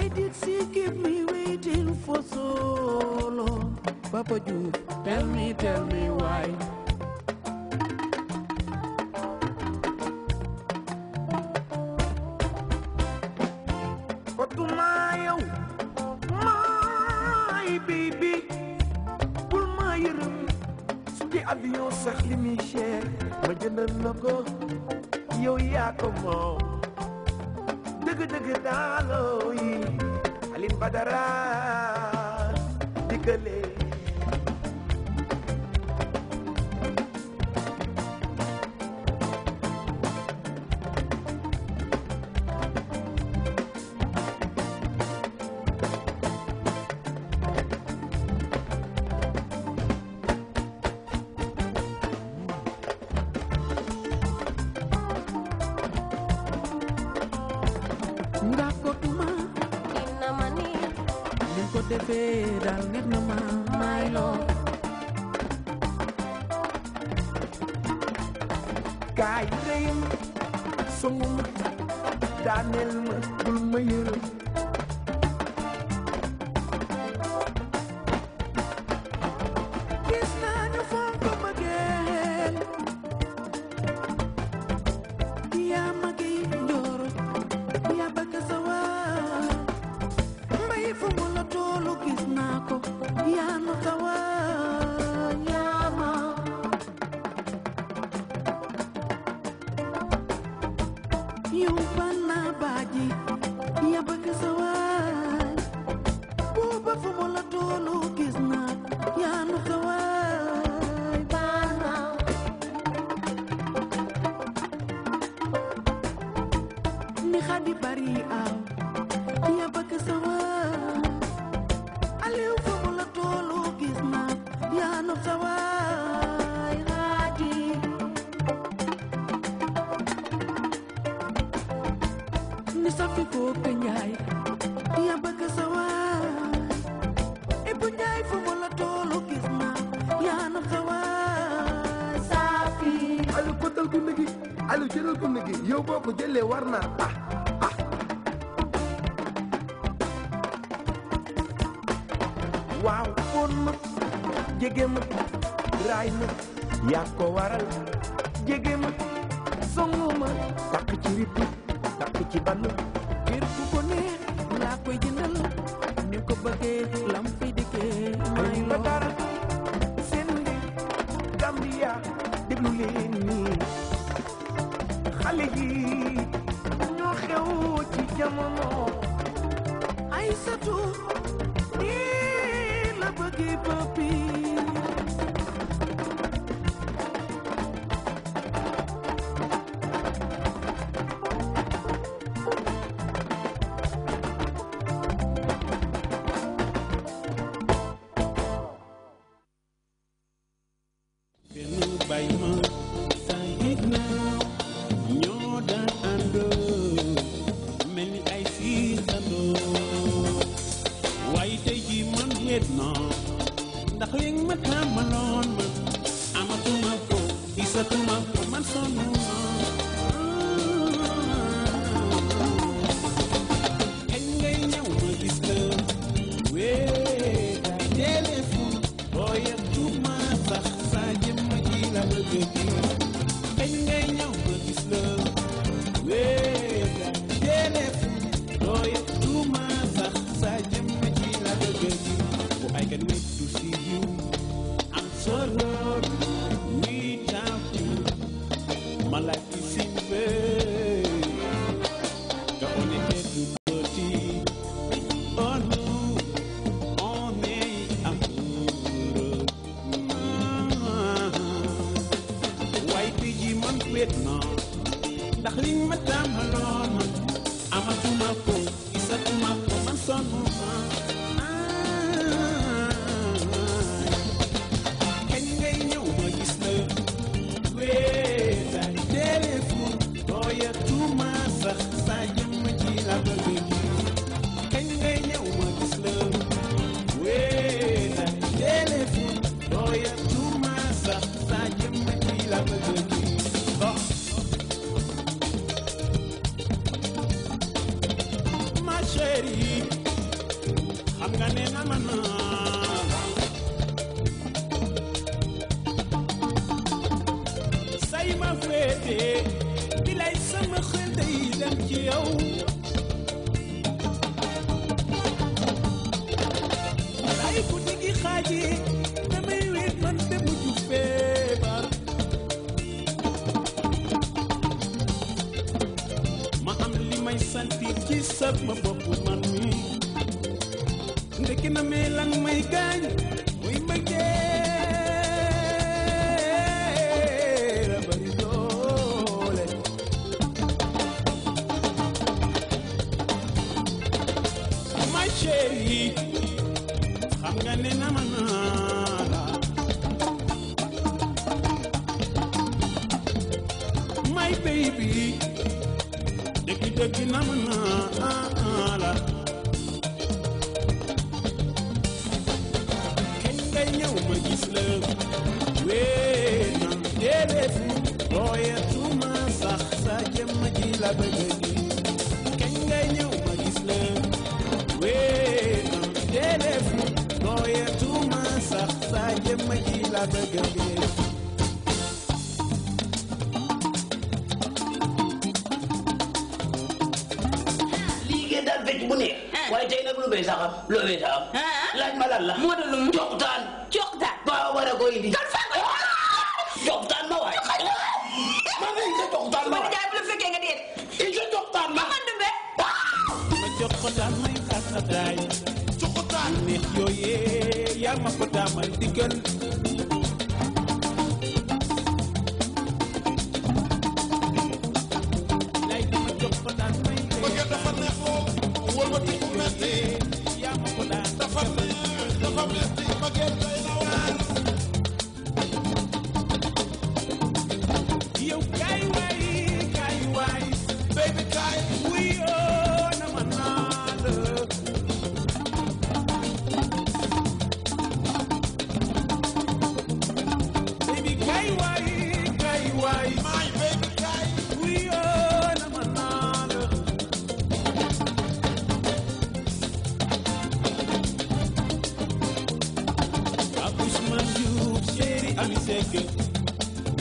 Why did she keep me waiting for so long? Papa tell me, tell me why. But my, my baby, pour ma yërëm su di avion ma jëndal la ko yow dëgg-dëgg daalo yi Alioune Badara dikkalee fee daal neex na ma maay loo kaay rëyam songuma daaneel ma bul ma yërëm yow baal naa baaji yaa bëgg sa waay booba fu mu la toolu gis naa yaa nu ka waay ni xadi bari aw safi ko ke ñaay ya bëgg sa waa e bu ñaay fu mu la toolu gis na nam sa waa safi alu kotal ku nigi alu jëral ku nigi yow boo ko ah ah waaw foon na jege na raay na yaa ko waral jege ma songu ma takk ci ball kër ku ko koy jëndal ni ko bëggee lam fay dëkkee may Badar seen li Gambia déglu leen nii xale yi ñoo xew ci jamono ay satu nii la bëggee papi bay ma saa yëg naa ñoo daan àndoo mel ni ay siisandoo waaye tey ji man xeet naa ndax léegi ma tàmbaloon ma amatuma ko gisatuma ko man sonn Thank you. gisee bilay sama xel day dem ci yow ay guddi gi xaaji damay wéet man te mujj ma am li may sentir ci sama bopp man mi ndekki na mee may gaañ chéri xam nga ne nama naa la my baby dëgg dëgg nama naa la kañ ngay ñëw ma gis la wee na déedéet booyatuma sax sa jëmm ji la bëgg la bëgg ngir liggéey daal bëcc bu ne ah. waaye tey nag lu bay saxam lu bay saxam ah. laaj ma lan la moo da lum joxtaan joxtaan waaw war a ko indi joxtaan ah. ma waay ma ne sa joxtaan ma waay bu la fekkee nga déet il eh, sa joxtaan ma man dumbe ma joxtaan may xas a daay joxtaan neex yooyee yaa ma ko daamal digal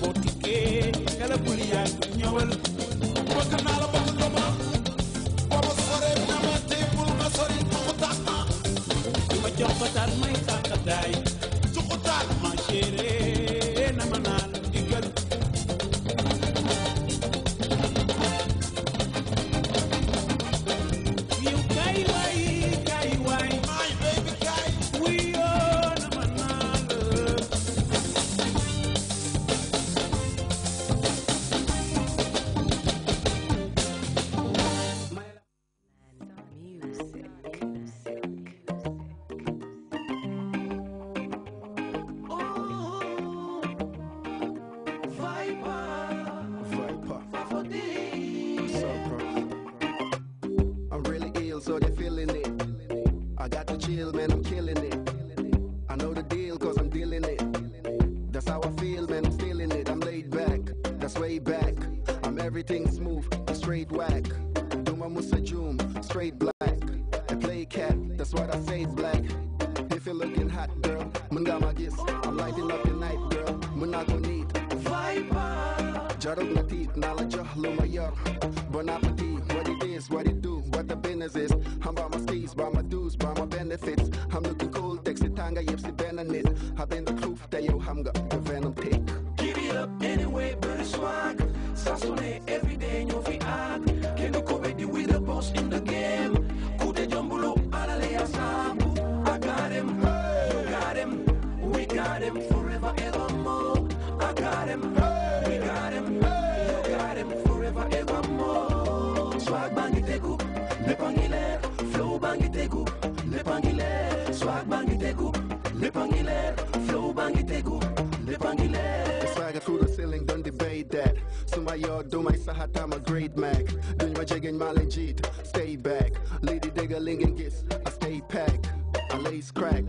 boo tikkee kala bul yàgg ñëwal bëgg naa Things move, straight whack. Duma Musa Joom, straight black. I play cat, that's what I say, it's black. If you're looking hot, girl, Mungama gis. I'm lighting up your night, girl. Munago need. Viper. Jarug Natit, Nala Jahlu Mayor. Bon appetit, what it is, what it do, what the business is. I'm by my skis, by my dues, by my benefits. Le bangilaire, flow bangi tegu, le bangilaire. Swagger through the ceiling, don't debate that. Suma yo, do my sahat, I'm great Mac. Dunya ma jigging my legit, stay back. Lady digger, ling and I stay packed. I lace crack.